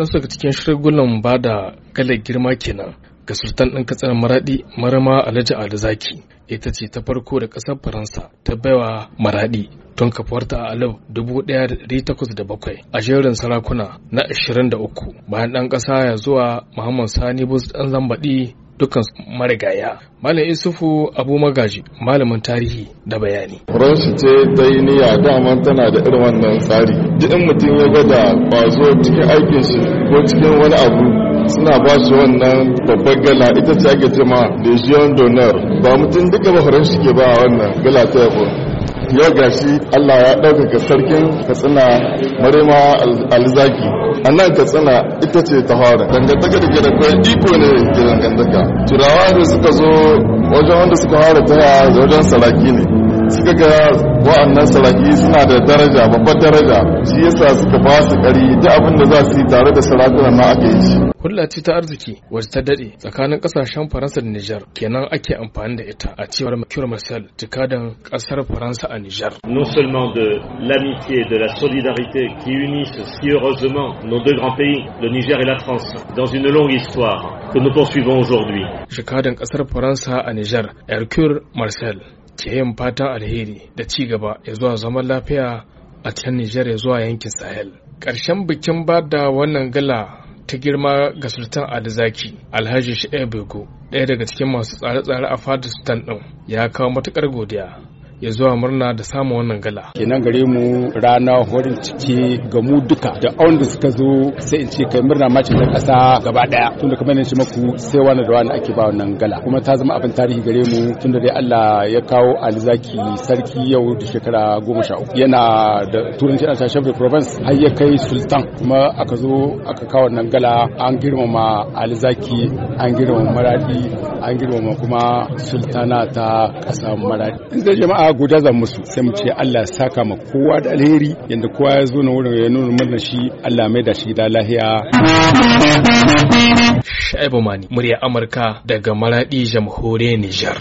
waɗansu daga cikin shirgulan ba da kalar girma kenan ga sultan ɗin katsina maraɗi marama alhaji alizaki ita ce ta farko da ƙasar faransa ta baiwa maraɗi tun kafuwarta a da bakwai a jerin sarakuna na ashirin da uku bayan ɗan ƙasa ya zuwa muhammad sani bus ɗan zambaɗi dukkan marigaya malam isufu abu magaji malamin tarihi da bayani ranshi ce ta yi niya dama tana da irin wannan tsari duk mutum ya gada kwazo cikin aikin shi ko cikin wani abu suna ba shi wannan babbar gala ita ce ake cema legion d'honneur ba mutum duka ba horon ke ba wannan gala ta yabo yau shi Allah ya ɗaukaka sarkin katsina marima alzaki a nan katsina ita ce ta fara dangantaka da ke da iko ne ke dangantaka turawa da suka zo wajen wanda suka fara ta wajen salaki ne suka ga wa'annan saraki suna da daraja babbar daraja shi yasa suka ba su kari duk abin da za su yi tare da sarakunan ma ake yi shi ce ta arziki wacce ta dade tsakanin kasashen faransa da niger kenan ake amfani da ita a cewar makiyar marcel jikadan kasar faransa a niger non seulement de l'amitié de la solidarité qui unissent si heureusement nos deux grands pays le niger et la france dans une longue histoire que nous poursuivons aujourd'hui jikadan kasar faransa a niger hercule marcel ke yin fatan alheri da ci gaba ya zuwa zaman lafiya a can Nijar ya zuwa yankin Sahel. Ƙarshen bikin ba da wannan gala ta girma ga Sultan Alizaki Alhaji Shi'ebego ɗaya daga cikin masu tsare-tsare a fadar Sultan ɗin ya kawo matuƙar godiya ya zuwa murna da samun wannan gala. Kenan gare mu rana horin ciki ga mu duka da awon da suka zo sai in ce kai murna macin da kasa gaba daya tunda kamar ne shi maku sai wani da wani ake ba wannan gala kuma ta zama abin tarihi gare mu tunda dai Allah ya kawo Alizaki sarki yau da shekara goma sha uku yana da turanci ana shaf da province har ya kai sultan kuma aka zo aka kawo wannan gala an girmama Alizaki an girmama Maradi an girmama kuma sultana ta kasa Maradi. Inda jama'a guda goda za musu sai mu ce Allah ya saka ma kowa da alheri yanda kowa ya zo na wurin ya nuna mana shi Allah mai da shi da lahiya Shaibu Mani murya Amurka daga Maradi jamhuriyar Nijar